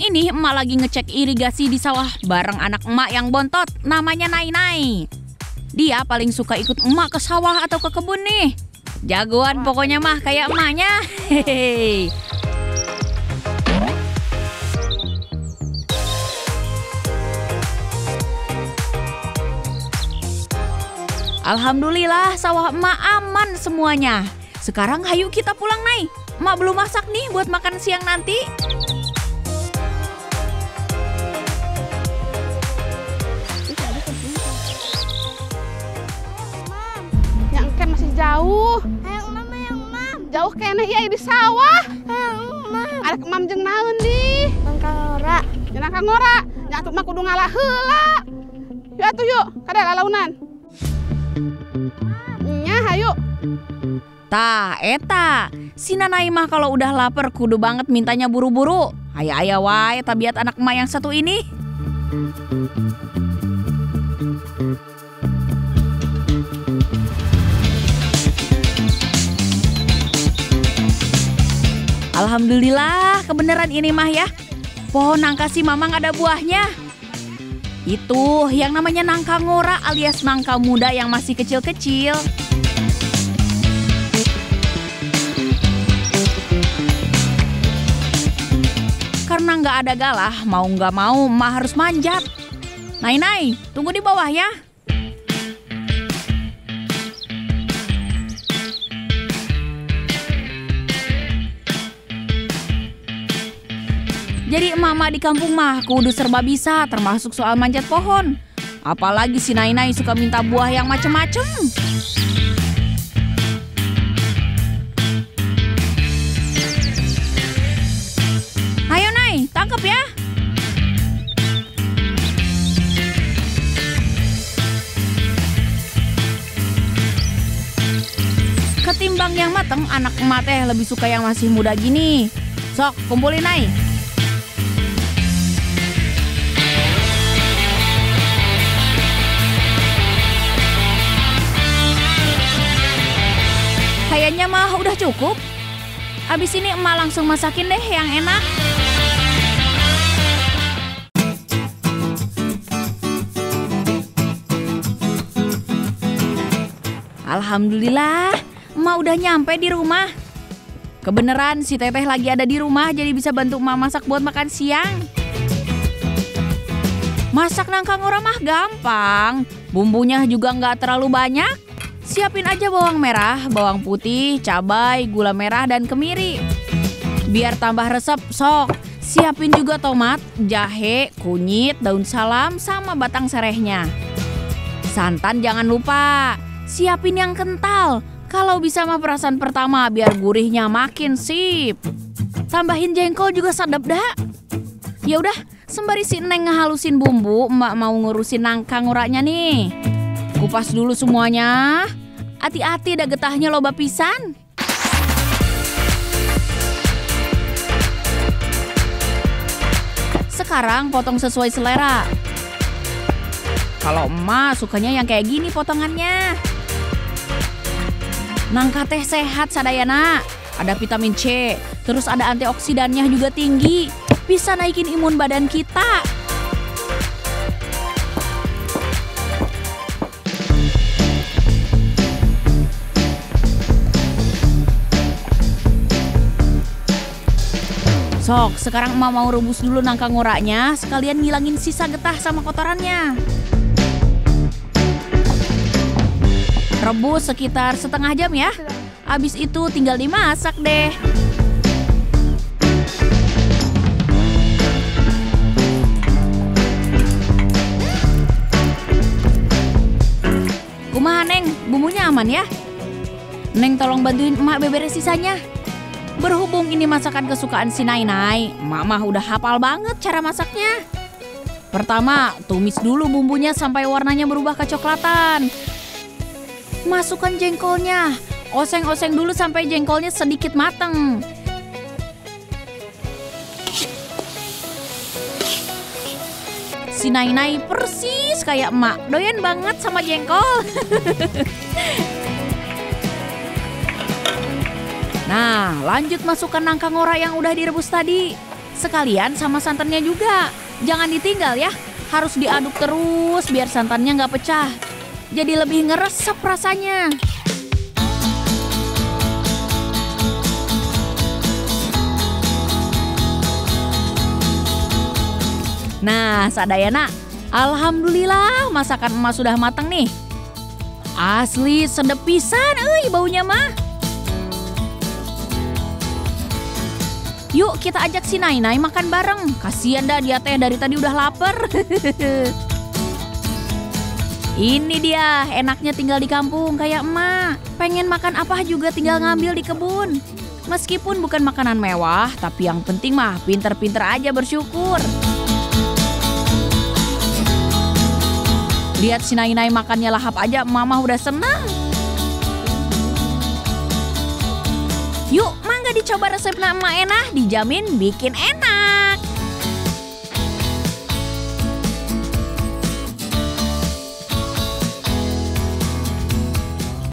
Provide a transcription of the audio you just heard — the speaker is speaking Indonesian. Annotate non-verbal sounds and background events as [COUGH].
ini emak lagi ngecek irigasi di sawah bareng anak emak yang bontot namanya Nai Nai. Dia paling suka ikut emak ke sawah atau ke kebun nih. Jagoan pokoknya mah kayak emaknya. Hehehe. [LAUGHS] Alhamdulillah sawah emak aman semuanya. Sekarang hayu kita pulang Nai. Emak belum masak nih buat makan siang nanti. jauh hayang mam hayang mam jauh kene ya di sawah hayang mam ada kemam jeng naon di nangka ngora ora kangora nyatu ya, mah kudu ngalah heula ya atuh yuk kada lalaunan nya hayu Tah, eta. Si Nanai mah kalau udah lapar kudu banget mintanya buru-buru. Ayah-ayah wae tabiat anak emak yang satu ini. Alhamdulillah kebenaran ini mah ya. Pohon nangka si mamang ada buahnya. Itu yang namanya nangka ngora alias nangka muda yang masih kecil-kecil. Karena nggak ada galah, mau nggak mau mah harus manjat. Nai-nai, tunggu di bawah ya. Jadi emak-emak di kampung mah kudu serba bisa termasuk soal manjat pohon. Apalagi si Nainai suka minta buah yang macem-macem. Ayo Nai, tangkep ya. Ketimbang yang mateng, anak emak teh lebih suka yang masih muda gini. Sok, kumpulin Nai. Kayaknya mah udah cukup. Habis ini emak langsung masakin deh yang enak. Alhamdulillah, emak udah nyampe di rumah. Kebeneran si Teteh lagi ada di rumah jadi bisa bantu emak masak buat makan siang. Masak nangka ngora mah gampang, bumbunya juga nggak terlalu banyak. Siapin aja bawang merah, bawang putih, cabai, gula merah, dan kemiri. Biar tambah resep, sok. Siapin juga tomat, jahe, kunyit, daun salam, sama batang serehnya. Santan jangan lupa. Siapin yang kental. Kalau bisa mah perasan pertama biar gurihnya makin sip. Tambahin jengkol juga sedap dah. Ya udah, sembari si Neng ngehalusin bumbu, Mbak mau ngurusin nangka nguraknya nih. Kupas dulu semuanya. Hati-hati ada getahnya loba pisan. Sekarang potong sesuai selera. Kalau emak sukanya yang kayak gini potongannya. Nangka teh sehat sadayana. Ada vitamin C, terus ada antioksidannya juga tinggi. Bisa naikin imun badan kita. Sok, sekarang emak mau rebus dulu nangka ngoraknya, sekalian ngilangin sisa getah sama kotorannya. Rebus sekitar setengah jam ya. Abis itu tinggal dimasak deh. Kumaha Neng, bumbunya aman ya? Neng tolong bantuin emak beberes sisanya. Berhubung ini masakan kesukaan si Nainai, Mama udah hafal banget cara masaknya. Pertama, tumis dulu bumbunya sampai warnanya berubah kecoklatan. Masukkan jengkolnya, oseng-oseng dulu sampai jengkolnya sedikit mateng. Si Nainai persis kayak emak, doyan banget sama jengkol. [LAUGHS] Nah, lanjut masukkan nangka ngora yang udah direbus tadi. Sekalian sama santannya juga. Jangan ditinggal ya. Harus diaduk terus biar santannya nggak pecah. Jadi lebih ngeresep rasanya. Nah, Sadayana, alhamdulillah masakan emak sudah matang nih. Asli sedepisan, pisan baunya mah. Yuk kita ajak si Nainai makan bareng. Kasian dah dia teh dari tadi udah lapar. [LAUGHS] Ini dia, enaknya tinggal di kampung kayak emak. Pengen makan apa juga tinggal ngambil di kebun. Meskipun bukan makanan mewah, tapi yang penting mah pinter-pinter aja bersyukur. Lihat si Nainai makannya lahap aja, mama udah senang. Yuk, dicoba resep nama enak, dijamin bikin enak.